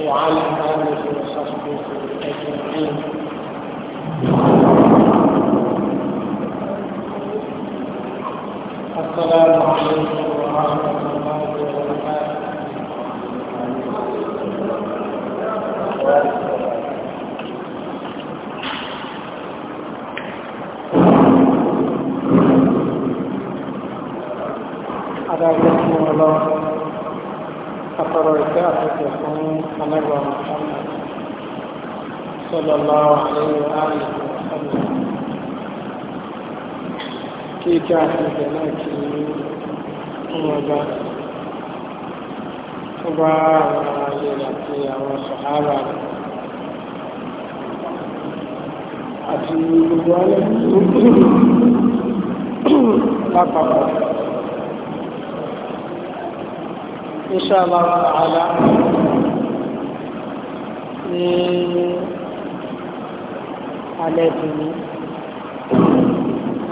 وعلى آله وصحبه أجمعين السلام عليكم ورحمة الله وبركاته ọlọ́wọ́ Muhammad sallallahu alaihi wa alihi wa sallam kí ìjà àti ìjà náà kì í wọ́n bá tó bá àwọn ààyè àti àwọn sàhábà rẹ̀ àti gbogbo alẹ́ lápapọ̀. Insha Allah ta'ala ní alẹ́ tòní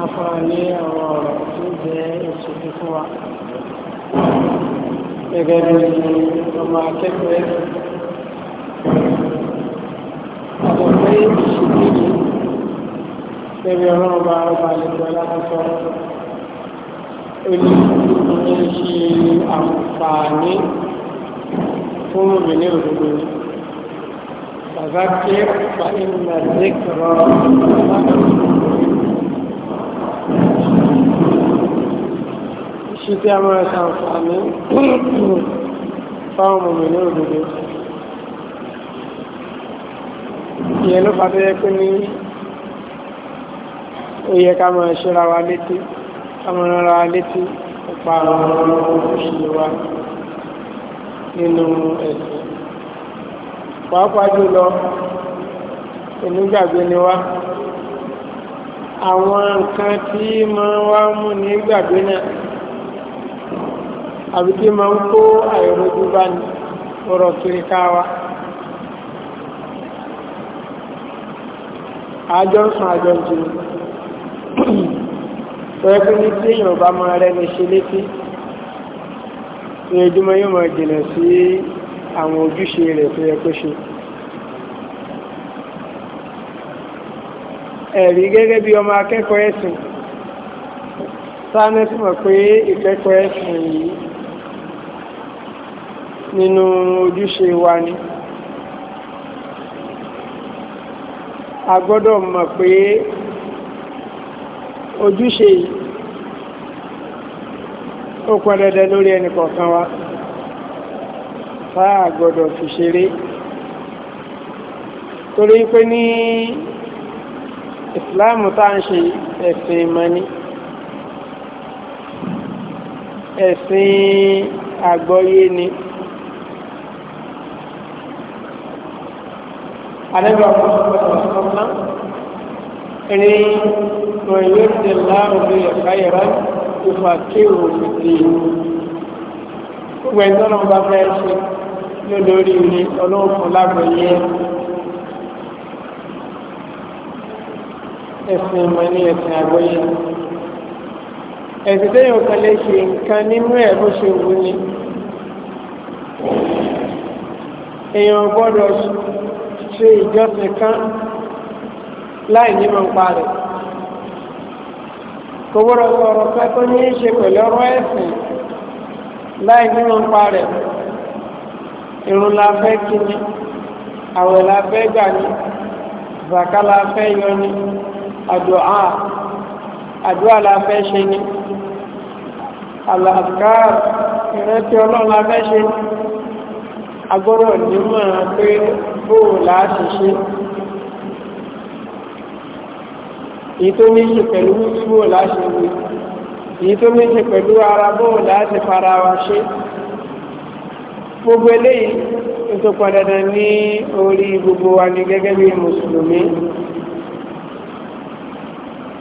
afọ́ra ní ọ̀rọ̀ ọ̀rọ̀ tó jẹ́ èso fífún wa gẹ́gẹ́ bí ọmọ akẹ́kọ̀ọ́ ẹ̀sìn ọ̀pọ̀ pé ìṣèkejì lẹ́bi ọ̀rọ̀ ọba ọba àlejò alákòóso ó ìṣe àǹfààní fún òmìnira òdodo yìí. فذكر فإن الذكرى ṣíkẹ́ máa ṣàǹfààní fáwọn ọmọ ìlú òdòdó ìyẹn ló fàtẹ́ yẹ pé ní ó yẹ ká máa ṣọ́ra wa létí ká máa rárá wa létí ọ̀pá àwọn ọmọ òṣèlú wa nínú ẹ̀sìn pàápàá jùlọ onígbàgbé ni wá àwọn nǹkan tí máa wá mú ní gbàgbé náà àbí tí máa ń kó àìrojú bá ní ọ̀rọ̀ kiri káwa àjọ ń sùn àjọ jù pẹ́ẹ́kú ní tí èèyàn bá máa rẹ́ni ṣe létí ní ojúmọ́ yóò máa jìnà sí àwọn ojúṣe rẹ̀ tó yẹ kó ṣe. ẹ̀rí gẹ́gẹ́ bí ọmọ akẹ́kọ̀ọ́ ẹ̀sìn sáánẹ́sì mọ̀ pé ìkẹ́kọ̀ọ́ ẹ̀sìn yìí nínú ojúṣe wa ni a gbọ́dọ̀ mọ̀ pé ojúṣe yìí ó pọn dandan lórí ẹnì kọ̀ọ̀kan wa tá a gbọ́dọ̀ fi ṣeré torí pé ní ìsìláàmù tá à ń ṣe ẹ̀sìn ìmọ̀ni ẹ̀sìn àgbọ́yé ni àdẹ́gbà ọ̀pọ̀lọpọ̀ ẹni wọ́n yóò tẹ̀ láàrùn ẹ̀ka ìrá ìfàkéwò ìdí gbogbo bá fẹ́ ṣe lórí ni ọlọ́run lágbẹ̀yẹ ẹ̀sìn ìmọ̀ ní ẹ̀sìn àgbọ́yé ẹ̀sìn tẹ́yìn ọ̀kan lè ṣe nǹkan nínú ẹ̀ bó ṣe wù ni èèyàn gbọ́dọ̀ ṣe ìjọsìn kan láì ní mọ̀ pa rẹ̀ kò gbọ́dọ̀ sọ̀rọ̀ pẹ́ tó ní í ṣe pẹ̀lú ọ̀rọ̀ ẹ̀sìn láì ní mọ̀ pa rẹ̀ irun la fẹ́ kí ni àwẹ̀ la fẹ́ gbà ni zaka la fẹ́ yọ ni àdúà àdúà la fẹ́ ṣe ni àlàkà ìrántí ọlọ́run la fẹ́ ṣe ni agbọ́rọ̀ nímọ̀ pé bóò láti ṣe èyí tó ní ṣe pẹ̀lú bóò láti ṣe èyí tó ní ṣe pẹ̀lú ara bóò láti fara wa ṣe gbogbo eléyìí tó pọn dandan ní orí gbogbo wa ní gẹ́gẹ́ bí mùsùlùmí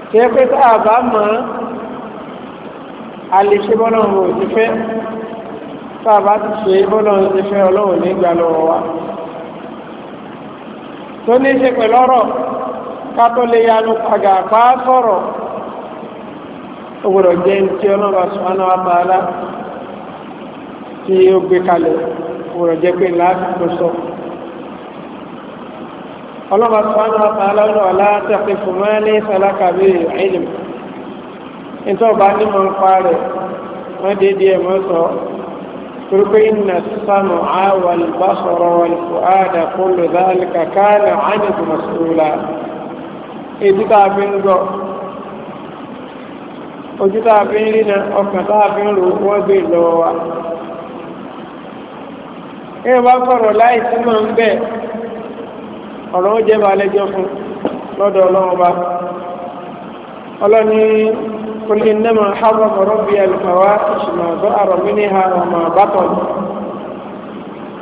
ṣe pé tá a bá mọ̀ a lè ṣe bọ́lọ̀ òun ti fẹ́ tá a bá ti ṣe bọ́lọ̀ òun ti fẹ́ ọlọ́run nígbà lọ́wọ́ wa tó ní ṣe pẹ̀lú ọ̀rọ̀ ká lè yanu pàgà pàá sọ̀rọ̀ ó gbọ́dọ̀ jẹ́ ní ọlọ́run bá sọ ọ́nà tí ó gbé kalẹ̀ òrò jẹ́ pé láàkókò sọ ọlọ́mà sọ́nà àtàlà ọ̀nà aláàtẹ̀kẹ́ fún mọ́ ní sàlákàbí ìlú nítorí ọba ní mọ̀ ń pa rẹ̀ wọ́n dédé ẹ̀ mọ́ sọ turbe inna sanu awal basoro wal fuada kullu zalika kana anhu mas'ula ètí tá a fi ń gbọ́ ojú tá a fi ń rí ní ọba fọ̀rọ̀ láì sí máa ń bẹ̀ ọ̀rọ̀ ó jẹ́ balẹ̀jọ́ fún lọ́dọ̀ ọlọ́run ọba ọlọ́ni قل إنما حرم ربي الفواحش ما ظهر منها وما بطن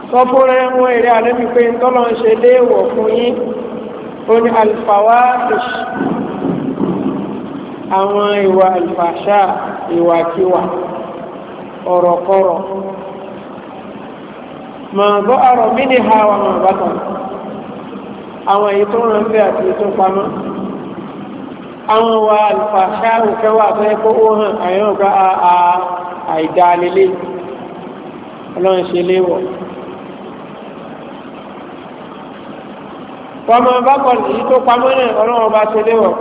sọ fún ẹ wọn èrè àlẹ́bí pé ń tọ́lọ̀ ń ṣe léèwọ̀ fún yín ó ní àwọn ìwà alfàṣà ìwàkiwà ọ̀rọ̀kọ̀rọ̀ ma bọ́ àrọ̀ mí ní ha wà ma bá tán àwọn èyí tó rán bẹ́ àti tó pamọ́ àwọn wa alfa ṣáàrù kẹwà tó yẹ kó ó hàn àyàn ọ̀gá àà àìdálélé ọlọ́run ṣe léwọ̀ wọ́n ma bá kọ̀ èyí tó pamọ́ náà ọlọ́run ọba ṣe léwọ̀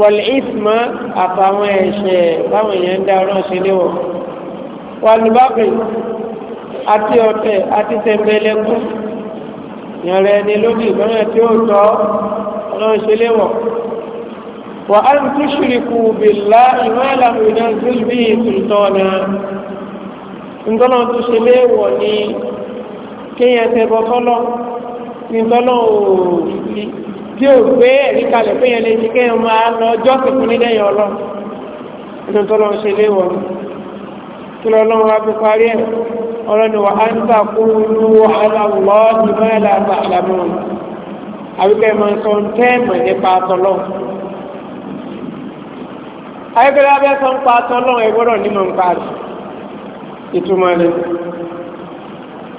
wọ̀lẹ̀ ìsìmọ́ àtàwọn ẹ̀ṣẹ̀ báwọn èèyàn ń dá ọlọ́run ṣe léwọ̀ wọ́n lùbákùn àti ọ̀tẹ̀ àti tẹ̀m̀bẹ̀lẹ̀kún ìrìn ẹni lórí ìgbọ́nà tí ó tọ́ ọlọ́run ṣe léwọ̀ wà á ń tún ṣìrìkù bìlá ìmọ̀lá ìrìnà zúlbí ìtùtọ̀ náà ńtọ́nà tó ṣe léwọ̀ ni kéèyàn tẹ̀bọ̀ tọ́lọ́ tí ó gbé ẹ̀rí kalẹ̀ yẹn kéèyàn máa lọ ọjọ́ kìkún ọlọ́ ṣe léwọ̀ kí lọ́lọ́run wá ọlọ́ni wà á ń n'ụwa kúrú aláwọ̀ ìmọ̀lá àtàlámọ́ àbíkẹ́ máa sọ ń tẹ́ mọ̀ nípa àtọ́lọ́ ayébẹ́lẹ́ abẹ́ sọ ń pa àtọ́lọ́ ẹ nímọ̀ ń pa rẹ̀ ìtumọ̀ rẹ̀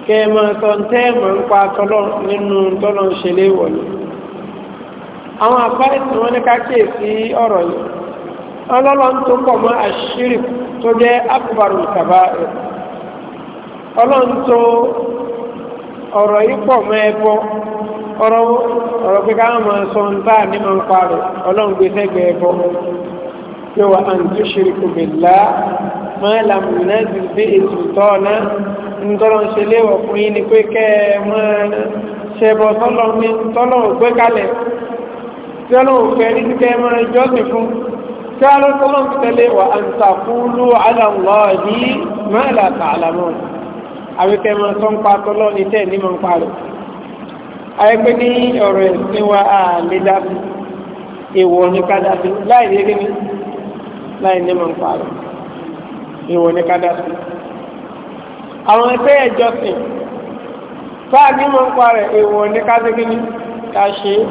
kẹ́ ẹ máa sọ ń tẹ́ mọ̀ ń pa àtọ́lọ́ nínú tọ́lọ́ ń ṣe ma a àwọn àpárí tí wọ́n ní ọlọ́run tó ọ̀rọ̀ yìí pọ̀ mọ́ ẹbọ ọ̀rọ̀ ọ̀rọ̀ pé káwọn máa sọ ń bá ní máa ń parọ́ ọlọ́run gbé sẹ́gbẹ̀ẹ́ ẹbọ yóò wá an tushriku billah ma lam yunazil bihi sultana ń tọ́lọ́ ń ṣe léwọ̀ fún yín ni pé kẹ́ ẹ máa ṣẹbọ tọ́lọ́ ní tọ́lọ́ ògbé kalẹ̀ tí ọlọ́run fẹ́ ní kẹ́ ẹ máa jọ́sìn fún tí ọlọ́run tọ́lọ́ ń tẹ̀lé wa an taqulu ala Allahi ma la ta'lamun àwíkẹ́ máa sọ ń pa tọ́lọ́ ní tẹ́ ní máa ń parọ́ àyẹ́pé ní ọ̀rọ̀ ẹ̀sìn wa à lè dábì èèwọ̀ ní ká dábì láì ní kí ni láì ní máa ń parọ́ èèwọ̀ ní ká dábì àwọn ẹgbẹ́ ẹ̀jọsìn fáà ní máa ń parọ́ èèwọ̀ ní ká sí kí ni ká ṣe é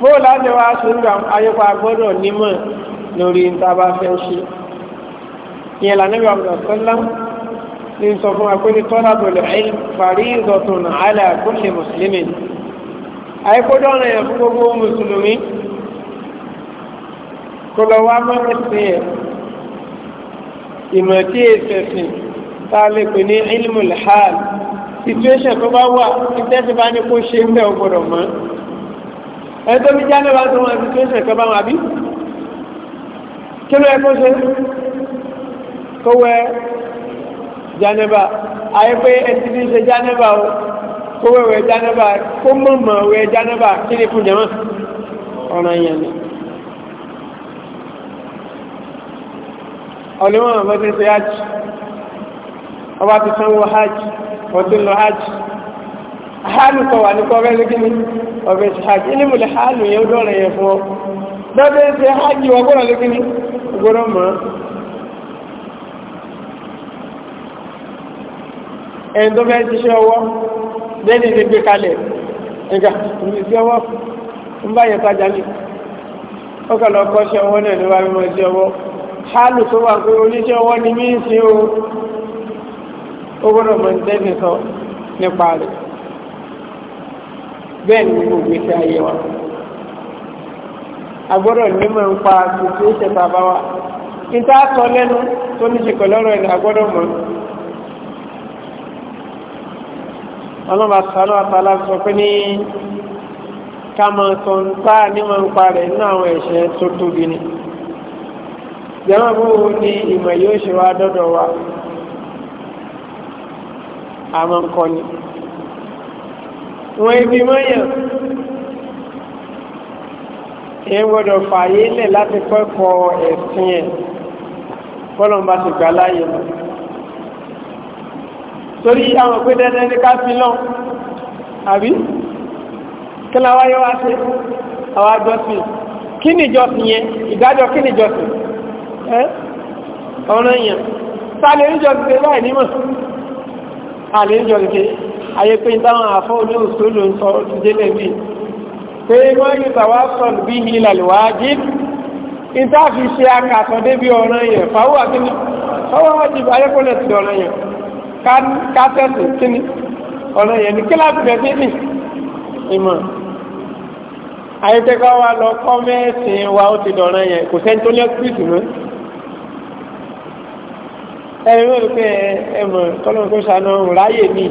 bóò láti wá sùúrù ayépa gbọ́dọ̀ nímọ̀ lórí ìta bá fẹ́ ṣe ìyẹn lànà ìwà ọ̀gbọ̀n ní sọ fún wa pé ní talabul ilm faridatun ala kulli muslimin àìkójọ́ ọ̀nà yẹn fún gbogbo mùsùlùmí kó lọ wá mọ́rọ̀ sí ẹ̀ ìmọ̀ tí èsẹ̀sìn tá a lè pè ní ilmul hal situation tó bá wà ìtẹ́sí bá ní kó ṣe ń bẹ̀ ó mọ́ ẹni tó ní jáde bá wọn situation tó bá wọn àbí kí ló yẹ kó ṣe kó wẹ janeba ayé pé ẹtí ní ṣe o kó wẹ̀wẹ̀ jánẹ́bà kó mọ̀mọ̀ wẹ̀ jánẹ́bà kí ni fún na ọ̀ràn yẹn ni. hajj ọba ti sanwó hajj ọtí lọ hajj hálù kọ wà ní hajj ní mùlẹ̀ hálù yẹn ya dọ̀rọ̀ yẹn fún ọ lọ́dẹ̀ ṣe hajj ọgbọ́n lókínní ọgbọ́n ẹni tó fẹ́ ṣiṣẹ́ ọwọ́ lẹ́ni ti gbé kalẹ̀ nígbà ìṣẹ́ ọwọ́ ń bá yẹn tajà ní ó kà ṣe ọwọ́ náà ní wàá mímọ ṣe ọwọ́ hálù tó wà pé oníṣẹ́ ọwọ́ ni mí ń sin o ó gbọ́dọ̀ mọ̀ ní tẹ́sí sọ nípa rẹ̀ bẹ́ẹ̀ ni gbogbo ìgbésí ayé wa agbọ́dọ̀ nímọ̀ ń pa tuntun ṣe bàbá wa níta sọ lẹ́nu tó ní ṣe pẹ̀lú ọ̀rọ̀ ẹ̀ ọlọ́ba sanu àtàlà sọ pé ní kàmọ̀tò ń pa níwọ̀n ń parẹ̀ nínú àwọn ẹ̀ṣẹ̀ tó tóbi ni jẹ́wọ́n bóun ni ìmọ̀ yóò ṣe wá dọ́dọ̀ wa àmọ́ ń kọ́ ni wọ́n ibi mọ́yàn èyí gbọ́dọ̀ fààyè lẹ̀ láti kọ́ ẹ̀kọ́ ẹ̀sìn ẹ̀ bọ́lọ̀ ti gbà láàyè náà torí àwọn pé dẹ́dẹ́ ní ká fi lọ àbí kí la wáyé wá ṣe àwọn àjọsìn kí ni ìjọsìn yẹn ìdájọ́ kí ni ìjọsìn ẹ́ ọ̀rọ̀ èèyàn sáàlè níjọsìn tẹ láì nímọ̀ sáàlè níjọsìn tẹ ayé pé táwọn àfọ́ olóhùn sólò ń sọ ti délẹ̀ bíi pé wọ́n yóò tàwa sọ̀rọ̀ bí ní ìlàlùwà jíìp ìtàfi ṣe akàtọ̀ débi ọ̀rọ̀ èèyàn fáwọ́ àti fáwọ́ wájú ayẹ́kọ́lẹ̀ ti ọ̀rọ̀ èèyàn kásẹ̀tì kíní ọ̀nà yẹn ní kíláàsì rẹ̀ sí ní ìmọ̀ ayétẹ́kọ́ wa lọ kọ́ mẹ́sìn wa ó ti dọ̀rọ̀ yẹn kò sẹ́ni tó ní ọ́sìpìtì mọ́ ẹ̀rí wọ́n rí pé ẹ̀mọ̀ tọ́lọ́n tó ṣàánú ráyè ní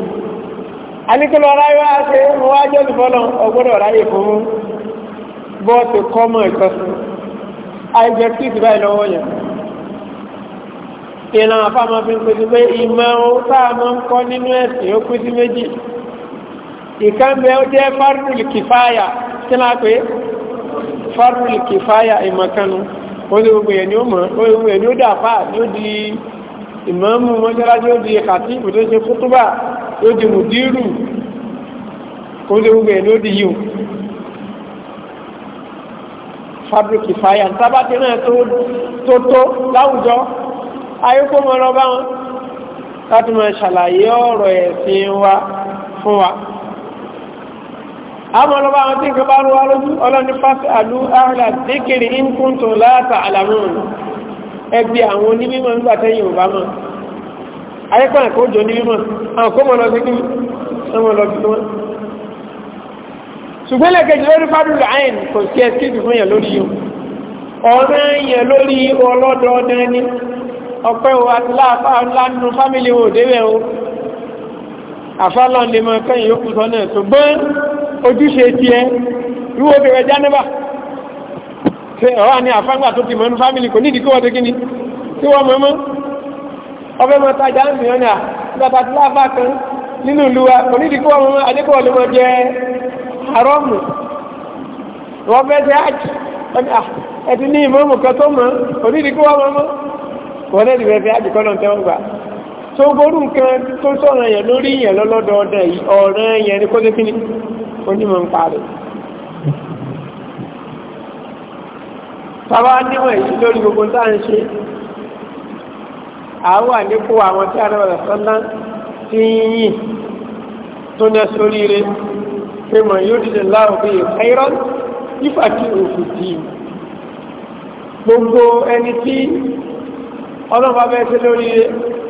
aníkẹ́lọ́ ráyè wá ṣe mú wá jẹ́ olùbọ́nà ọgbọ́dọ̀ ráyè fún bọ́ọ̀sì kọ́mọ̀ ìkọsùn ayẹjẹ́ pìtì báyìí lọ́wọ́ yẹn ìran àfáàmọ́ fi ń pè sí pé ìmọ̀ ohun táàmọ́ ń kọ́ nínú ẹ̀sìn ó pín sí méjì ìkánbẹ̀ ó jẹ́ farul kìfáyà tí láà pé farul kìfáyà ìmọ̀kanu ó lè gbogbo ẹni ó mọ̀ ó lè gbogbo ẹni ó di ìmọ̀ọ́mù mọ́jọ́lájú ó di náà tó tó láwùjọ ayíkó mọ́ lọ bá wọn láti mọ̀ ṣàlàyé ọ̀rọ̀ ẹ̀sìn wa fún wa àmọ́ lọ bá wọn tí nǹkan bá rú wa lójú ọlọ́ni pàṣẹ àlú àhàlà díkìrì ìkúntò láta àlàmùn ẹgbẹ́ àwọn onímọ̀ nígbà tẹ́yìn ò bá mọ̀ ayíkó ẹ̀kọ́ òjò onímọ̀ àwọn kó mọ̀ lọ sí kí wọ́n lọ bí wọ́n ṣùgbọ́n lẹ́kẹ̀jì lórí fádùlù àìn kò sí ẹ̀sìkì fún yẹn lórí yìí ọ̀rẹ́ yẹn lórí ọlọ́dọọdẹ ni ọpẹ́ o àti láàfà ńlá nínú fámìlì wo débẹ̀ o àfàlọ́n lè mọ kẹ́yìn yókù sọ náà ṣùgbọ́n ojúṣe tiẹ̀ wíwo bẹ̀rẹ̀ jánẹ́bà ṣe ọ̀rọ̀ ni àfáǹgbà tó ti mọ̀ nínú fámìlì kò nídìí kí wọ́n ni tí wọ́n mọ̀ mọ́ ọbẹ̀ mọ́ tajà ń mìíràn ní àgbàtà tí láàfà kan nínú ìlú wa kò nídìí kí wọ́n mọ̀ adékòwò lè mọ jẹ àrọ́mù wọ́n fẹ́ ṣe àjì ẹ̀dín ní ìmọ̀ wọ́n lẹ́nu rẹ̀ fi àjẹkọ́ náà tẹ́wọ́ gbà tó ború nǹkan tó sọ̀rọ̀ yẹn lórí yẹn lọ́lọ́dọọdẹ yìí ọ̀rẹ́ yẹn ni kó dé kíní onímọ̀ ń parí. sábà níwọ̀n èyí lórí gbogbo tá à ń ṣe àwọn àlékò àwọn tí anábàdà sọ́lá ti ń yìn tó ní ẹsẹ̀ oríire pé mọ̀ yóò dìde láwọn bí ẹ̀rọ ìfàkì òfìdí gbogbo ẹni tí ọlọ́run bá bẹ́ẹ̀ sí lórí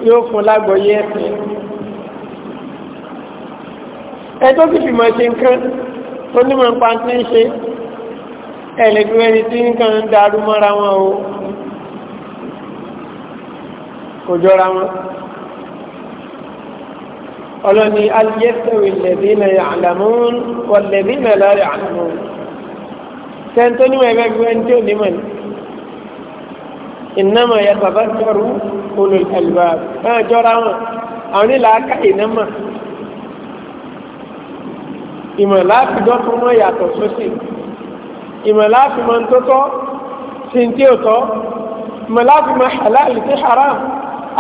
yóò fún lágbọ̀ọ́yé ẹ̀sìn ẹ tó sì fìmọ̀ ṣe nǹkan tó nímọ̀ nípa tí ń ṣe ẹ̀lẹ́gbẹ̀ẹ́ni tí nǹkan ń darú mọ́ra wọn o kò jọra wọn ọlọ́ni aliyẹ́sẹ̀wì lẹ́bínà ya'lamun wal lẹ́bínà la ya'lamun tẹ́ntọ́ nímọ̀ ẹgbẹ́gbẹ́ tí ò nímọ̀ ní ìnáma yẹ bàbá sọ̀rọ̀ olè àlùbà náà jọra wọn àwọn nílà aka ìnáma ìmọ̀lá àfijọ́ tó mọ̀ yàtọ̀ sósì ìmọ̀lá àfimọ̀ ntótọ́ sí ní tí ò tọ́ ìmọ̀lá àfimọ̀ halal sí haram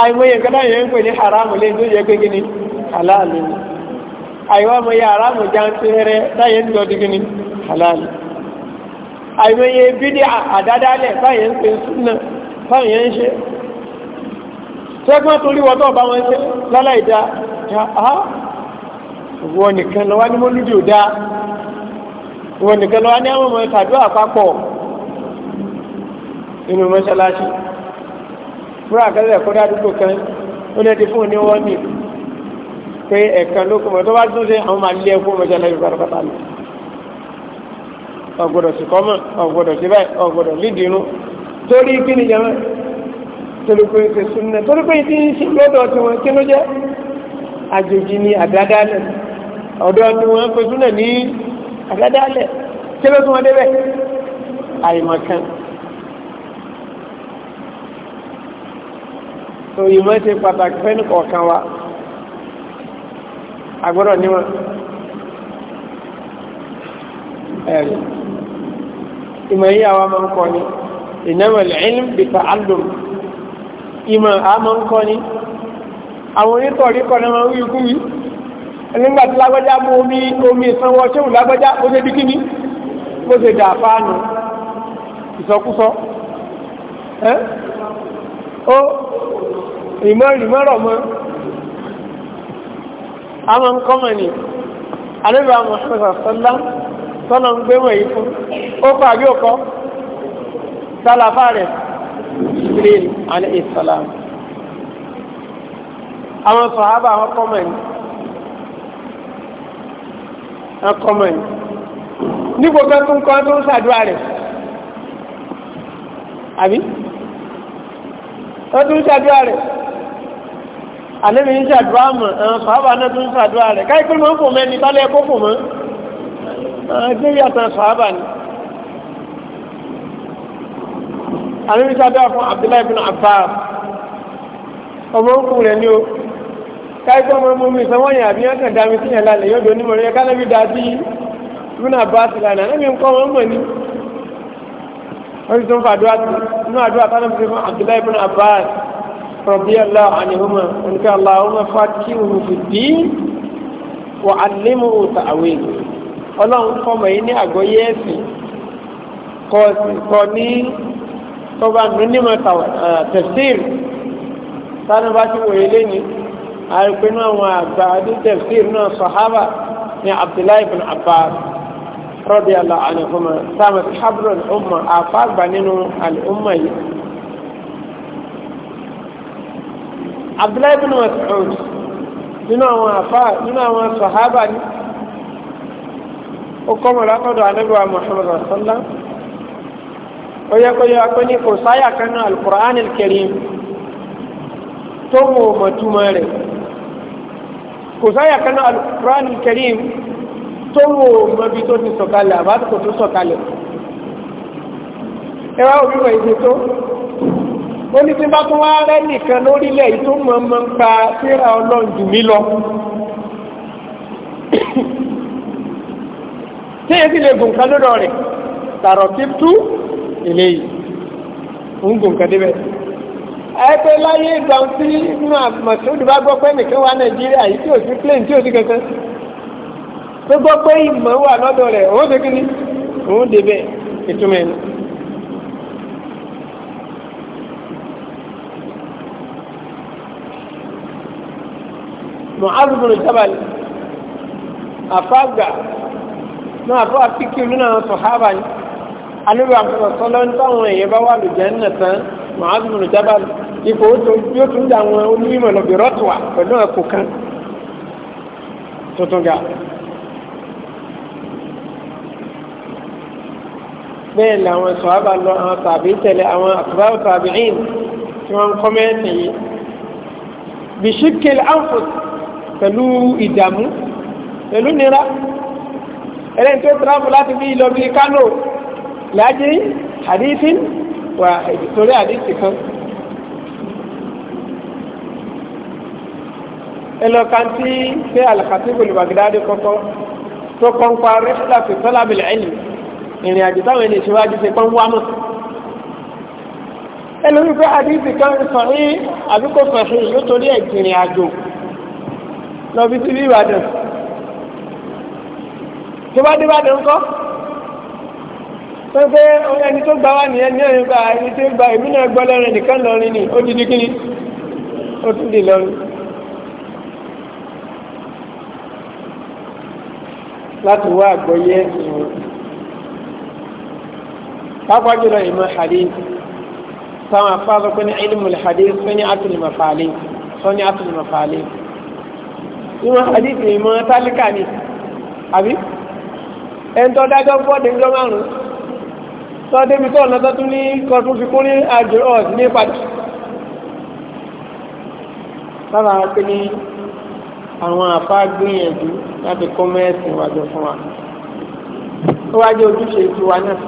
àìmọye nǹkan náà yẹn ń pè ní haram lé ní oye gbégi ni halal ni àìwá mọ̀ yẹ haram jáǹtì rẹ̀ dáyẹ̀ ń dọ̀dí gini halal àìmọye bídí le, báyẹ̀ ń pè sunna táwọn yẹn ń ṣe tẹ́gbọ́n torí wọ́n tó bá wọn ṣe láláì dá wọ́n nìkan lọ́wọ́ ní mọ́lúdì ò dá wọ́n nìkan lọ́wọ́ ní àwọn ọmọ ìtàdó àpapọ̀ inú mọ́ṣáláṣí fúra àkẹ́lẹ̀ kọ́dá àdúgbò kan ó ní ẹtí fún un ní wọ́n ní pé ẹ̀kan ló kọmọ tó bá tún ṣe àwọn máa lé ẹkún mọ́ṣáláṣí pátápátá lọ ọ̀gbọ́dọ̀ sì kọ́mọ̀ ọ̀gbọ́dọ̀ síbẹ̀ ọ̀gbọ́dọ̀ lídìí torí kí ni jẹ́ wọn torí pé ṣe súnmọ́ torí pé ti ń ṣe lọ́dọ̀ tí wọ́n kí ló jẹ́ àjòjì ni àdádálẹ̀ ọ̀dọ̀ tí wọ́n pe súnmọ́ ní àdádálẹ̀ kí ló tún wọn débẹ̀ àìmọ̀kan so ìmọ̀ ṣe pàtàkì fẹ́ nìkọ̀ọ̀kan wa agbọ́dọ̀ níwọ̀n ẹ̀rí ìmọ̀ yìí àwa máa ń kọ́ ni ìnáwó ìlm bí ta'allum ìmọ̀ àmọ́ ń kọ́ ni àwọn onítọ̀rí kọ́ ni wọ́n wí kú wí nígbà tí lágbájá mú omi omi ìsanwó ṣéwù lágbájá ó ṣe bí kí ni ó ṣe dà fáànù ìsọkúsọ ó ìmọ̀ ìmọ̀rọ̀ mọ́ àmọ́ ń kọ́ mọ̀ ni alẹ́bàá mọ̀ sọ̀rọ̀ sọ́lá sọ́lá ń gbé wọ̀nyí fún ó sálàfà rẹ̀ jibril alayhi salam àwọn sọ̀hábà àwọn kọ́mẹ̀ntì àwọn kọ́mẹ̀ntì ní gbogbo tó ń kọ́ tó ń ṣàdúrà rẹ̀ àbí ó tún ṣàdúrà rẹ̀ àlébì ń ṣàdúrà mọ̀ àwọn sọ̀hábà náà tún ṣàdúrà rẹ̀ káyí pé mọ́ fò mẹ́ni tálẹ́ ẹ̀kọ́ fò àwọn ẹgbẹ́ yàtọ̀ sọ̀hábà ni. àmì sábẹ́ fún Abdullahi bin Abbas ọmọ òkú rẹ̀ ni ó káyọ̀ ọmọ ọmọ mi sanwó yẹn àbí yẹn kàn dá mi sílẹ̀ lálẹ́ yóò dóní mọ̀rẹ́ ká lẹ́bi dá sí bin Abbas lánàá lẹ́bi ń kọ́ wọn mọ̀ ní. wọ́n ti tún fa àdúrà tó inú àdúrà tó lọ́mọ fún Abdullahi bin Abbas radiyallahu anhuma oníkà Allahumma faqihu fi ddin wa 'allimhu ta'wil ọlọ́run kọ́ mọ̀ ní àgọ́ yẹ́ẹ̀sì kọ́ ní tó bá nù nímọ̀ tafsir sanu bá ti wòye lẹ́ni àìpinnu àwọn àgbà àti tafsir náà sahaba ní abdullahi ibn abbas radiyallahu anhuma sáàmù sábúrò ọmọ àfàgbà nínú àlùmọ̀ yìí. abdullahi ibn mas'ud nínú àwọn àfà nínú àwọn sahaba ni ó kọ́mọ̀ látọ̀dọ̀ anábìwá muhammad sallallahu ó yẹ kó yẹ wá pé ní kò sáyà kan náà alukur'an al-karim tó mọ òmòtúmọ̀ rẹ̀ kò sáyà kan náà alukur'an al-karim tó mọ òmòbi tó ti sọ̀kalẹ̀ àbátò tó sọ̀kalẹ̀ ẹ wá òbí wọ̀ èdè tó ó ní tí bá tún wá rẹ́ nìkan lórílẹ̀ yìí tó mọ̀ mọ̀ ń pa síra ọlọ́run jù mí tí èyí sì lè gùn kan lọ́dọ̀ rẹ̀ tààrọ̀ kíp eléyìí ń gùn débẹ̀. ẹgbẹ́ láyé ìgbà tí inú bá gbọ́ pé nìkan nàìjíríà yìí tí ò sí plane tí ò sí kankan tó gbọ́ pé ìmọ̀ wà lọ́dọ̀ rẹ̀ òun kíni òun débẹ̀ ìtumọ̀ ẹ̀nu. àfáàgbà náà àfọ́ àfikì sọ̀hábà yìí. alẹ́wà sọ́lọ́ ń táwọn èèyàn bá wà lùjẹ́ ń nà tán màálù mùnú jábà ipò yóò tún dà wọn onímọ̀ lọ bí rọ́tùwà pẹ̀lú ẹ̀kọ́ kan tuntun ga. bẹ́ẹ̀ làwọn sọ̀hábà lọ àwọn tàbí tẹ̀lé àwọn àkùrá tàbí ìn tí wọ́n ń kọ́mẹ́ǹtì yìí. bishikil anfus pẹ̀lú ìdààmú pẹ̀lú nira ẹlẹ́ni tó tẹ̀lé àpò láti bí ìlọ bí kánò láàjì hadithin wà torí hadithi kan ẹlọ́kàntí pé al-Khatib al-Baghdadi kọ́kọ́ tó kọ́ ń pa rẹ́sílà fi talab al-ilm ìrìn àjò táwọn ẹni ìṣíwájú ti pọ́n wámọ̀ ẹlòmí pé hadithi kan sọ̀rí àbíkò sọ̀rí yóò torí ẹ̀jìnrìn àjò lọ bí sí bí Ìbàdàn tí wá dé Ìbàdàn kọ́ pé ẹni tó gba wá nìyẹn ní ẹni gba ẹni tó gba èmi náà gbọ́ lẹ́rìn nìkan lọ́rin ni ó dídí kí ni ó tún dì lọ́rin. láti wá àgbọ́yé ìwọ̀n pápá jùlọ ìmọ̀ hadith táwọn afáàzọ́ pé ní ilmu hadith sọ ní atùlùmọ̀ fàálẹ̀ ẹni tó dájọ́ bọ́ọ̀dì ńlọ márùn-ún sọ débi tó ọ̀nà tó tún ní kọtún fi kún ní àjò ọ̀sì ní padà sára pé ní àwọn àfá gbìyànjú láti kọ́ mẹ́ẹ̀sì wájú fún wa ó wájú ojúṣe tiwa náà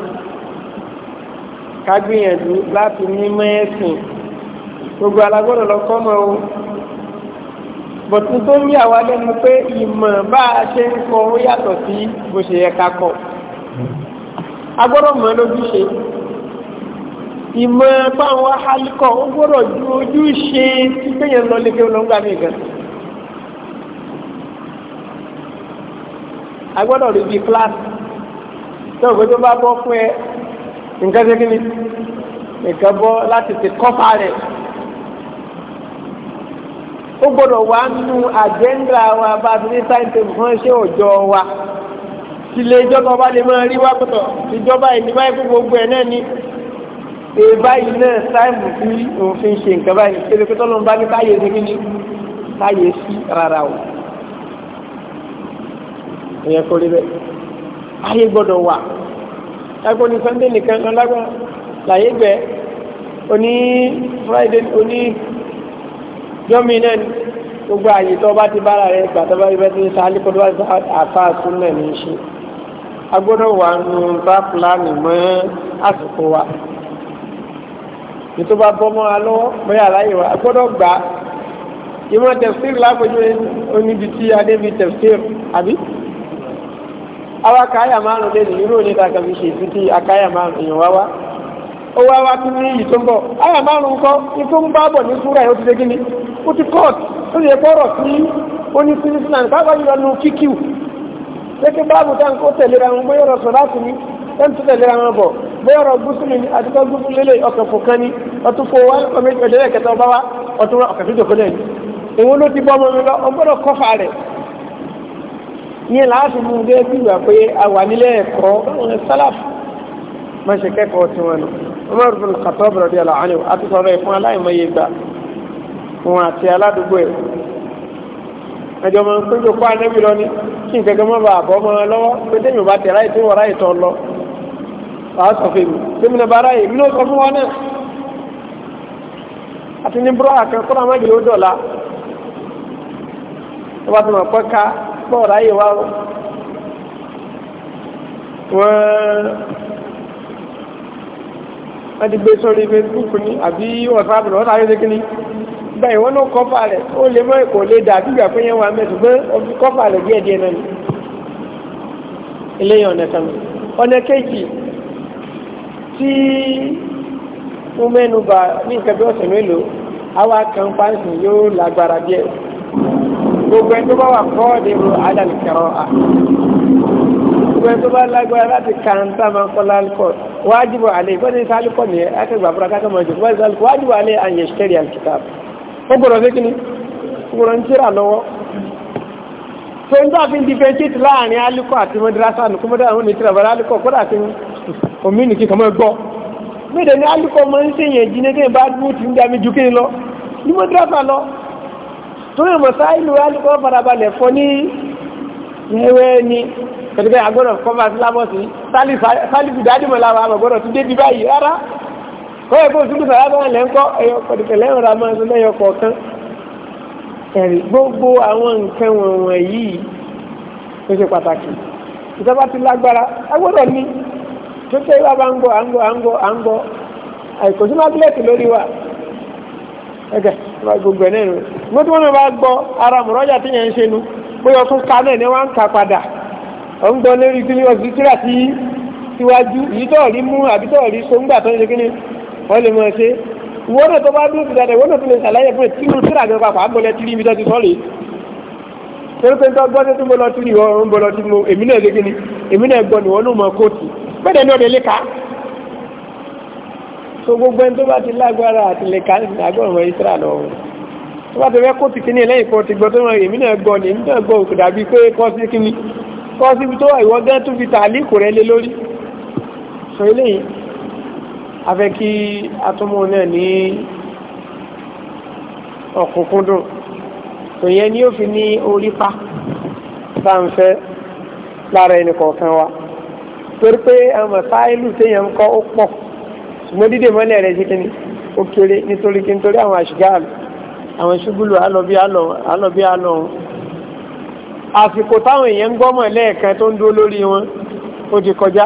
ká gbìyànjú láti ní mẹ́ẹ̀sìn gbogbo alágbọ́dọ̀ lọ kọ́mọ o bọ̀tú tó ń yà wá lẹ́nu pé ìmọ̀ bá a ṣe ń kọ ó yàtọ̀ sí bó ṣe yẹ ká kọ́ agbọ́dọ̀ mọ̀ lójúṣe ìmọ̀ báwọn alikọ̀ ó gbọ́dọ̀ ju ojúṣe tí péyàn lọ lé kéwọn lọ́ngbà mí gan. agbọ́dọ̀ rí bíi kíláàsì tó ògbé tó bá bọ́ fún ẹ nǹkan ṣe kíni nǹkan bọ́ láti ti kọ́fà rẹ̀ ó gbọ́dọ̀ wá nínú àjẹ́ńdà wa bá a ti ní sáyẹ́ǹtì fún ṣé òjò wa sílé ìjọba ọba lè máa rí wákòtò ìjọba ìníbá ikú gbogbo ẹ̀ náà ni èèbá yìí náà sáìmù sí òfin ṣe nǹkan báyìí pé pé tọ́lọ́run bá ní káyè sí kí ni káyè sí rárá o ìyẹn kò rí bẹ́ẹ̀ ayé gbọ́dọ̀ wà ẹgbẹ́ ní sunday nìkan lọ́lágbọ́n láyé gbẹ oní friday oní jọ́mi náà ni gbogbo àyè tó bá ti bára rẹ̀ gbà tó bá rí bẹ́ẹ̀ tó ń sa alẹ́ kó àfa àsúnlẹ̀ ní í ṣe. a wà nù àsìkò wa nítorí bá bọ́ mọ́ wa a gbà ìmọ̀ tẹ̀síìr lápẹjọ oníbi tí adébí tẹ̀síìr àbí àwa káyà márùn lé nìyí lónìí tá a kàn fi ṣe títí akáyà márùn èèyàn wawa wá wawa wá wá tún ní ìyí tó ń bọ̀ nkọ márùn kọ́ ní otu ti ti pé báàbù tá n kó tẹ̀léra wọn bóyá ọ̀rọ̀ sọ̀láàtù ni wọ́n ti tẹ̀léra wọn bọ̀ bóyá ọ̀rọ̀ gúúsùlù ni àtikọ́ gúúsùlù lélẹ̀ ọkọ̀ fòkan ni ọtún fò wá ọmọdé kẹta ọba wa ọtún ọkọ̀ tó jòkó lẹ́yìn òun ló ti bọ́ ọmọ mi lọ ọgbọ́dọ̀ kọ́fà rẹ̀ ní láti mú gẹ́gẹ́ bí ìwà pé a wà nílẹ̀ ẹ̀kọ́ sálàfù má ṣe kẹ́kọ̀ọ́ tí wọn nù Umar bin Khattab radiyallahu anhu àti sọ̀rọ̀ ẹ̀ fún aláìmọye gbà wọn àti aládùúgbò ẹ̀ ẹjọ́ mọ̀ ń péjọ kó anẹ́bí lọ ní kí nǹkan kan má bàa bọ́ mọ́ ọ lọ́wọ́ pé tẹ́mi ò bá tẹ̀ ráyè tó wọ̀ ráyè tọ́ lọ wàá sọ fún tẹ́mi náà bá ráyè mi náà sọ fún wọn náà àti ní búrọ́ àkàn kọ́nà má yìí dọ̀la wọ́n bá ti mọ̀ pẹ́ ká pọ̀ ráyè wá wọ́n wọ́n ti gbé sórí Facebook ní àbí WhatsApp lọ́wọ́ tá a yẹ bẹ́ẹ̀ ìwọ́n náà kọ́fà rẹ̀ ó lè mọ́ ìkò lè dà bí ìgbà pé yẹn wà mẹ́tò pé ó kọ́fà rẹ̀ díẹ̀ díẹ̀ náà ni eléyìí ọ̀nà kan ọ̀nà kejì tí mo mẹ́nu bà ní nǹkan bí ọ̀sẹ̀ mélòó àwa kan pàǹsì yóò lágbára díẹ̀ gbogbo ẹni tó bá wà kọ́ ọ̀dẹ́rù alàlùkẹ́rọ̀ à gbogbo ẹni tó bá lágbára láti kàńtà máa kọ́ lálùkọ́ wájibu alẹ́ ìfọ́nìsálùkọ́ nìyẹn akẹgbàbúra kákẹ́ ó gbọ́dọ̀ sí kíni gbọ́dọ̀ ń tíra lọ́wọ́ tó ń dábí differentiate láàrin alikọ àti madrasa nù kó mọ́dá àwọn onítìrà bàrá alikọ kódà sí omi nìkí kàmọ́ gbọ́ méde ní alikọ mọ́ ń ṣèyàn jí ní kéyìn bá dúró ti ń dá mi ju kéyìn lọ ní madrasa lọ torí mọ̀ sáìlú alikọ farabalẹ̀ fọ ní ẹwẹ́ ni kẹ̀kẹ́ àgbọ̀dọ̀ kọ́ bá sí lábọ̀ sí sálífù dádìmọ̀ lára àgbọ̀dọ̀ tún débi báyìí rárá wọ́n yẹ kó oṣù lùfẹ̀ lábẹ́ àlẹ́ ńkọ́ ẹyọ pẹ̀lẹ́pẹ̀lẹ́ ọ̀rọ̀ àmọ́ kọ̀ọ̀kan ẹ̀rí gbogbo àwọn nǹkan wọ̀nyẹn yìí ló ṣe pàtàkì ìjọba ti lágbára ní tó tẹ́ ìwà bá ń gbọ́ à ń gbọ́ à ń gbọ́ à ń wa wọ́n lè máa ṣe wọ́n náà tó bá dúró sí dáadáa wọ́n náà tó lè ṣàlàyé pé tí mo tíra gan papọ̀ àgbọ̀lẹ̀ tí ibi tó ti sọ́ọ̀lì torí pé nǹkan gbọ́dọ̀ tí mo lọ tí ìwọ ń bọ̀ lọ tí mo èmi náà gẹ́gẹ́ ni èmi náà gbọ́ ni wọ́n náà mọ kóòtù bẹ́ẹ̀ ni ọ̀dẹ̀ lè ka so gbogbo ẹni tó bá ti lágbára àti lè ka àgbọ̀n ọmọ ìsra lọ tó bá ti fẹ́ kóòtù kíní ni afẹ́ kí atúmọ̀ náà ní ọ̀kúnkúndùn tó yẹ ni ó fi ní orípa bá ń fẹ́ lára ẹnì kọ̀ọ̀kan wa torí pé àwọn sáìlù téèyàn ń kọ́ ó pọ̀ ṣùgbọ́n dídè mọ́lẹ̀ rẹ̀ ṣe kíni ó kéré nítorí kí nítorí àwọn àṣìgá àwọn ṣúgbùlù alọ́bí alọ́ àsìkò táwọn èèyàn ń gbọ́mọ̀ lẹ́ẹ̀kan tó ń dúró lórí wọn ó ti kọjá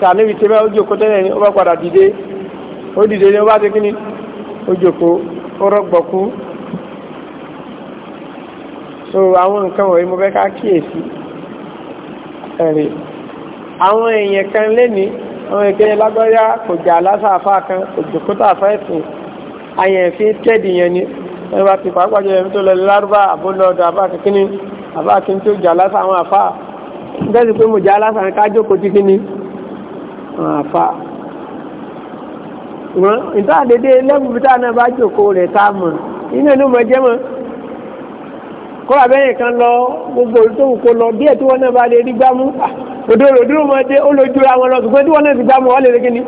tàníbi tí ó jòkó tẹ́lẹ̀ ni ó bá padà dìde ó dìde ni ó bá ti kí ni ó jòkó ó rọ̀gbọ̀kú so àwọn nǹkan wọ̀nyí mo fẹ́ ká kíyèsí ẹ̀rì àwọn èèyàn kan lẹ́ni àwọn èkéyẹ lágbáyá kò jà lásàáfà kan kò jòkótà fẹ́ẹ̀sì àyẹ̀fín tẹ́ẹ̀dì yẹn ni wọ́n bá ti pàápàá jẹ́ ẹ̀mí tó lọ lárúbá àbólọ́dọ̀ àbá kíkíní àbá kí n tó jà lásàáwọn àfà bẹ́ẹ̀ sì pé mo jà lásàáwọn ká jókòó ti kíní àfa wọn nta dédé lẹ́bùbí tá náà bá jòkóo rẹ̀ tá a mọ̀ inú ẹni mọ̀ jẹ́ mọ̀ kó abẹ́yìn kan lọ gbogbo olùtòwò kó lọ díẹ̀ tí wọ́n náà bá lè rí gbámú ah, òdòdó dúró mọ́ dé ó lójú àwọn lọ ṣùgbọ́n tí wọ́n náà ti gbámú wọ́n lè rí kíni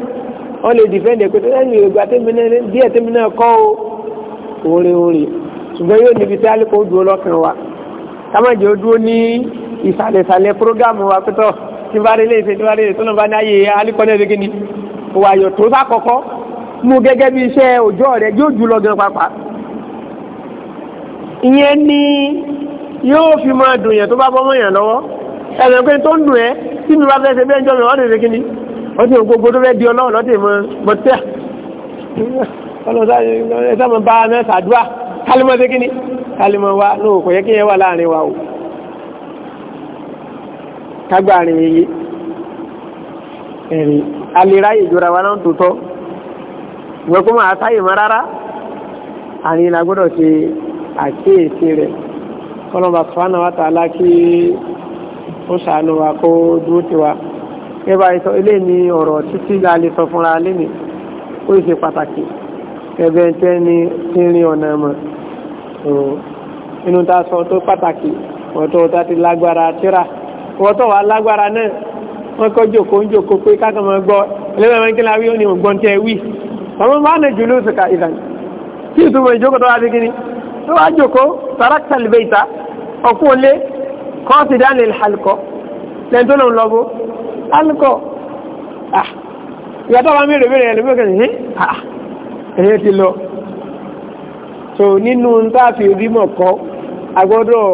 wọ́n lè dìfẹ́ǹdì pé ẹni ìgbà tẹ́mi náà díẹ̀ tẹ́mi náà kọ́ o orin orin ṣùgbọ́n yóò níbi tí alẹ́ kó dúró lọ́kàn wa ká má dúró ní ìsàlẹ̀sàlẹ̀ prógámù wa pẹ́tọ́ tí bá rí lè ṣe tí bá rí lè tọ́nà bá ní ayé alíkọ́ni ẹ̀rẹ́ gíní wà yọ̀ tó bá kọ́kọ́ mú gẹ́gẹ́ bí iṣẹ́ òjọ́ rẹ̀ yóò jù lọ gan pápá ìyẹn ni yóò fi máa dùn yẹn tó bá bọ́ mọ́yàn lọ́wọ́ ẹ̀rọ pé tó ń dùn ẹ́ tí mi bá fẹ́ ṣe bẹ́ẹ̀ jọ mi wọ́n lè ṣe kíní wọ́n ti ń gbogbo tó fẹ́ di ọlọ́run lọ́tẹ̀ mọ́ bọ́tẹ́ ọlọ́run ẹ̀ sáà bá mẹ́sàdúrà kálímọ́ wa lóòkò yẹ kí yẹn wà kágbàrin yeye ẹ̀rìn alera ìjọra wa náà tòótọ́ ìwọ́n kó máa sáyè mọ́ rárá àní la gbọ́dọ̀ ṣe àkíyèsí rẹ̀ kọ́lọ́mà sùfánà wa tààlà kí ó ṣàánú wa kó dúró ti wa ẹbá ìsọ ilé ní ọ̀rọ̀ títí láàlẹ́ sọ fúnra lẹ́nì ó ṣe pàtàkì ẹgbẹ́ tẹ́ ní tí ọ̀nà mọ̀ inú ta sọ tó pàtàkì ọ̀tọ̀ tá ti lágbára tíra wọ́n tọ̀ wá lágbára náà wọ́n kọ́ jòkó ń jòkó pé kákan máa gbọ́ ẹlẹ́wọ̀n máa ń kíláwí ó ní ògbọ́n tẹ́ wí ọmọ máa nà jùlọ sùkà ìdàn tí ìtumọ̀ ìjókòó tó wá sí kíní tó wá jòkó tarakta libeita ọkùn olé kọ́ọ̀tì daniel halkọ lẹ́yìn tó lọ halkọ ìyàtọ̀ wa mẹ́rẹ̀ mẹ́rẹ̀ ẹ̀lẹ́mẹ́ so nínú táàfì rímọ̀ kọ́ agbọ́dọ̀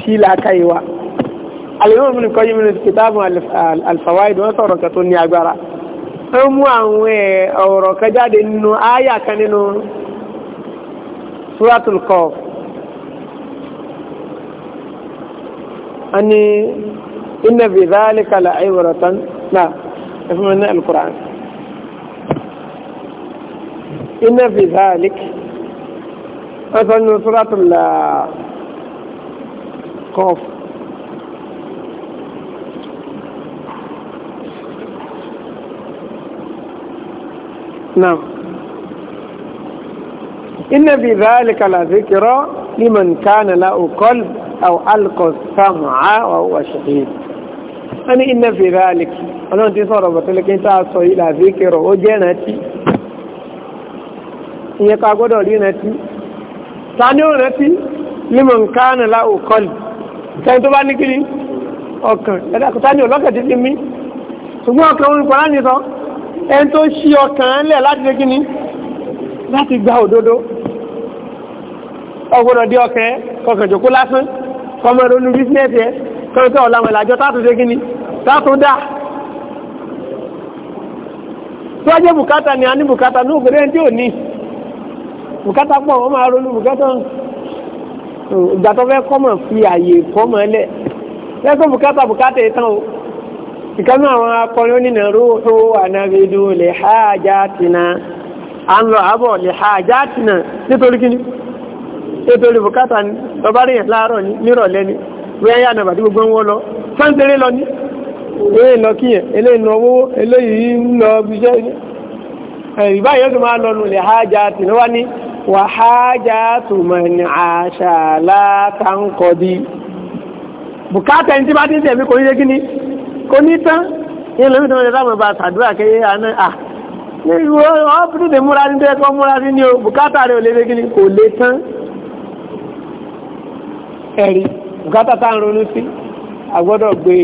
sí làákàyè alìmọ́ mi kọ́ yí mi kìtàbù alfawaid wọ́n sọ̀rọ̀ kan tó ní agbára ó mú àwọn ọ̀rọ̀ kan jáde nínú àyà kan nínú suratul Qaf ani inna bi dhalika la ibratan na ẹfún mi ní alukur'an inna bi dhalika wọ́n nínú suratul Qaf. náà inna fi dhalika la dhikra liman kana lahu qalb aw alqa sam'a wa huwa shahid wọ́n ní inna fi dhalika ọlọ́run ti sọ̀rọ̀ bọ̀tẹ́lẹ́kí tá a sọ yìí la dhikra ó jẹ́ rántí ìyẹn ká gbọ́dọ̀ rí rántí ta ni ó rántí liman kana lahu qalb tẹ́yìn tó bá ní kiri ọkàn ẹ̀dá kò ta ni ọlọ́kẹ̀ títí mi ṣùgbọ́n ọkàn orin kọ́lá ni sọ ẹni tó ṣí ọkàn lẹ̀ láti lé kíní láti gba òdodo ọgbọ́dọ̀ dé ọkẹ́ ọkàn jòkó lásán kọmọ ronú bísínẹ́sì ẹ kọ́ńtà ọ̀làwọ̀ ìlàjọ tátúnṣe kíní tátúndà tó ni a ní bùkátà ní ògbèrè ẹni tí ò ní bùkátà pọ̀ wọ́n máa ronú bùkátà ìgbà tó fẹ́ kọ́mọ̀ ìtàn ìkánú àwọn akọrin onínà rúhù ànábìdú lè ha ajá tìna à ń lọ àbọ̀ lè ha ajá tìna nítorí kíní nítorí bùkátà ni bàbá rí láàárọ̀ ní nírọ̀lẹ́ ni wíyá yà nàbàdí gbogbo wọn lọ sáńtẹ̀rẹ̀ lọ ní eléyìí lọ kíyàn eléyìí lọ owó eléyìí lọ bíṣẹ́ ìbáyìí ọdún máa lọ́nu lè hájá tìna kò ní tán ní ẹlòmí tó wọ́n láwọn bá sàdúrà kẹyẹ àná à ní ìwọ ọ́pùtù lè múra ní tẹ́ẹ̀kọ́ múra sí ní o bùkátà rẹ̀ ò lè lé kíni kò lè tán ẹ̀rí bùkátà tá à ń ronú sí àgbọ́dọ̀ gbé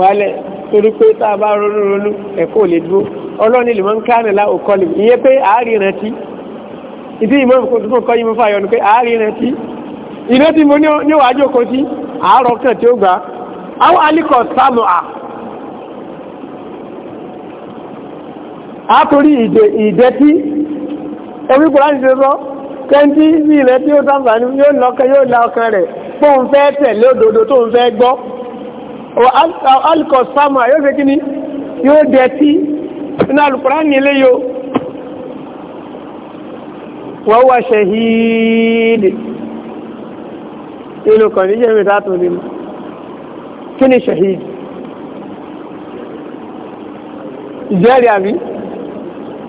wálẹ̀ torí pé tá a bá ronú ronú ẹ̀kọ́ ò lè dúró ọlọ́ni lè mọ́ ń kánà láò kọlù ìyẹ́ pé àárí ìrántí ìdí ìmọ̀ àwọn alíkọ̀ sáàmù à átorí ìdẹ́ tí orígbòrá ìdẹ́ rọ́ kẹ́ntí sí ilẹ̀ tí ó sáàmù àní yóò lọ́kẹ́ yóò la ọkàn rẹ̀ fóun fẹ́ tẹ̀lé òdodo tó ń fẹ́ gbọ́ alíkọ̀ sáàmù à yóò fẹ́ kí ni yóò dẹ̀ tí iná alùpùrá ní ilé yóò wọ́n wá ṣe hìí kí ni shahid ìjẹ́rìí àbí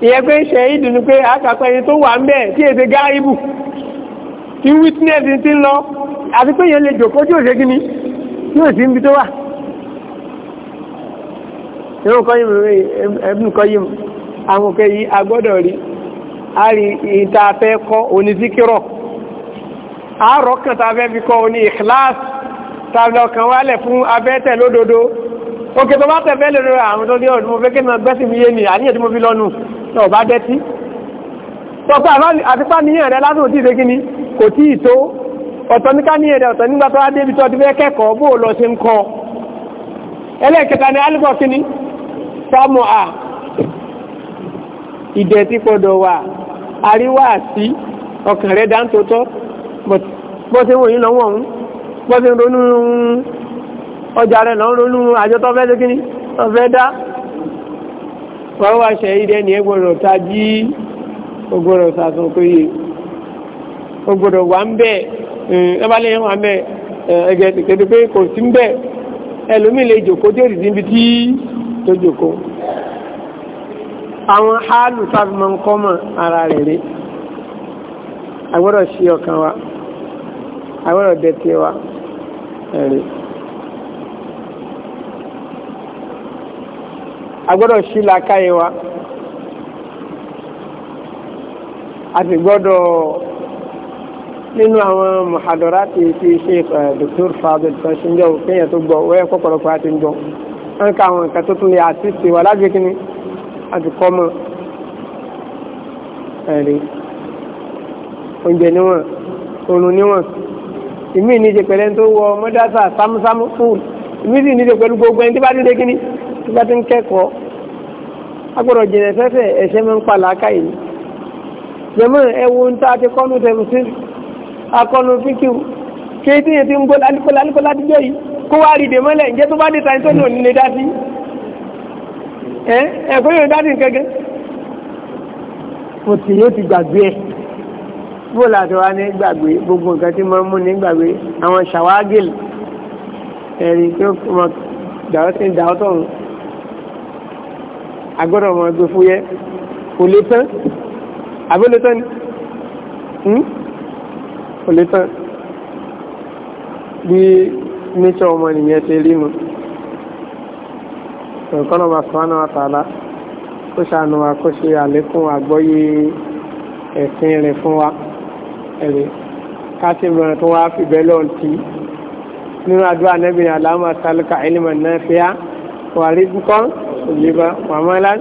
ìyẹn pé shahid ni pé àkàkọ ẹni tó wà ń bẹ̀ tí èsè gáíbù tí witness ti ń lọ àti pé yẹn lè jòkó tí ò ṣe gíní tí ò sí ibi tó wà ìwọ̀n kọ́ yìí ẹ̀bùn kọ́ yìí yìí agbọ́dọ̀ rí a rí ìta fẹ́ kọ́ onísíkírọ̀ àárọ̀ kan fẹ́ fi kọ́ oní ìkìláàsì tàbí ọkàn wálẹ̀ fún abẹ́tẹ̀ lódodo òkè tó bá tẹ̀fẹ́ lórí àwọn tó ní ọdún mo fẹ́ kí náà gbẹ́sì mi yé ni àníyàn tí mo fi lọ́nu náà bá dẹ́tí tọ́pọ̀ àtipá níyàn rẹ lásìkò tí ìdé kíní kò ni alùpọ̀ kíní sọ́mù à ìdẹ̀ tí kọdọ̀ wà àríwá sí ọkàn rẹ̀ dáńtótọ́ wòyí lọ́wọ́ ọ̀hún bọ́sí ronú ọjà rẹ̀ lọ ronú àjọ tó fẹ́ síkíní tó fẹ́ dá wọ́n wá ṣe ìdẹ́ ní ẹgbọ̀rọ̀ ta jí ogbọ̀rọ̀ sàtún péye ogbọ̀rọ̀ wà ń bẹ̀ ẹbálẹ̀ yẹn wà ń bẹ̀ ẹgẹ̀ tẹ̀tẹ̀ pé kò sí ń bẹ̀ ẹlòmí lè jòkó tí ó sì síbi tí tó jòkó àwọn hálù sáfìmọ̀ ń kọ́mọ̀ ara rẹ̀ rí agbọ́dọ̀ ṣe ọkàn wa agbọ́dọ̀ dẹ tiẹ̀ wa ẹ̀rí agbọ́dọ̀ ṣí làákàyè wa a sì gbọ́dọ̀ nínú àwọn mọ̀hàdọ́rá ti fi ṣe eh, Dr. Fadil tó ṣe ń jọ kéèyàn tó gbọ́ wẹ́ẹ́ pọ̀pọ̀lọpọ̀ àti ń gbọ́ ń ka àwọn nǹkan tó tún lè àtìsí wa lágbè kíní àti kọ́mọ ẹ̀rí oúnjẹ níwọ̀n oorun níwọ̀n ìmí ní ṣe pẹ̀lẹ́ tó wọ mọ́dásà sámúsámú fún ìmí sì ní ṣe pẹ̀lú gbogbo ẹni tí bá ti dé kíní tí bá ti ń kẹ́kọ̀ọ́ agbọ́dọ̀ jìnà fẹ́fẹ́ ẹ̀ṣẹ́ máa ń pa làákà yìí jẹ́mọ́ ẹwu ń tá a ti kọ́nu tẹ̀sí akọ́nu fíkìw ṣé tí yẹn ti ń gbó lálùkọ́ lálùkọ́ ládùjọ́ yìí kó wá rí dèmọ́lẹ̀ ǹjẹ́ tó bá dé ta ìtọ́nà òní lè dá sí ẹ̀ ẹ̀kọ́ yóò dá sí kẹ́kẹ́ mo sì yóò ti gbàgbé ẹ̀ bó láti wá ní gbàgbé gbogbo nǹkan tí máa ń mú ní gbàgbé àwọn ṣàwágìl ẹ̀rí tí ó mọ dàwọ́ sí dàwọ́ tọ̀hún agbọ́dọ̀ mọ gbé fúyẹ́ kò lè tán àbí lè tán ni hm? kò lè tán bí níṣẹ́ ọmọ nìyẹn ṣe rí mu nǹkan ọba sọ́nà àtàlà kó ṣàánú wa kó ṣe àlékún àgbọ́yé ẹ̀sìn rẹ̀ fún wa ẹ̀mí káṣí mọ̀ràn tó wá fi bẹ́ẹ̀ lọ́n ti nínú àdúrà nẹ́bí ni aláwọ̀ sálùkà ẹlẹ́mọ̀ náà fi á wà rí dúkọ́ òyìnbá wàmọ́lá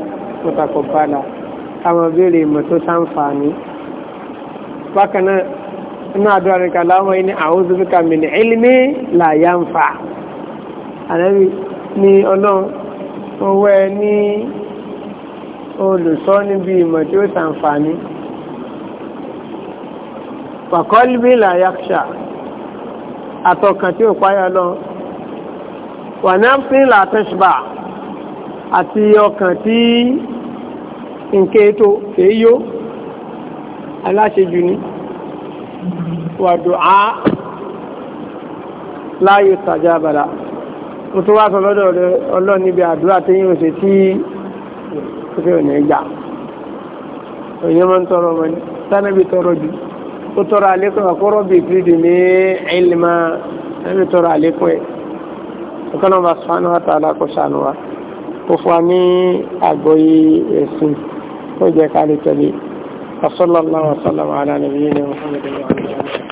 mọ̀tàkọ̀ padà káwọn béèrè ìmọ̀ tó sáǹfààní. bákan náà nínú àdúrà rẹ̀ kà láwọn ẹni àwọn òṣìṣẹ́ kàmì ní ẹlẹ́mí làyà ń fà. ànábì ní ọlọ́run owó ẹ ní olùsọ níbi ìmọ̀ tí ó kọ̀kọ́lùbí làyàkṣà àtọkàn tí ó páyà lọ wà náà fi làtẹ́ṣbà àti ọkàn tí nkéto kéyó aláṣejù ni wàdùn á láyé tàjá bàdà mo tó wá sọ lọ́dọ̀ ọlọ́ọ̀ níbi àdúrà tí yóò ṣe tí ó fi ò ní òyìnbó ń tọrọ wọn tánàbí tọrọ jù kó tọrọ àlékún ẹ̀ kó rọ́bì ìfìdí ní ìlímà ẹ̀mí tọrọ àlékún ẹ̀ ọkàn náà bá sọ́nà wà kó sànù wa kó fún wa ní àgbọ́yé ẹ̀sìn kó jẹ́ ká lè tẹ̀lé. وصلى الله على نبينا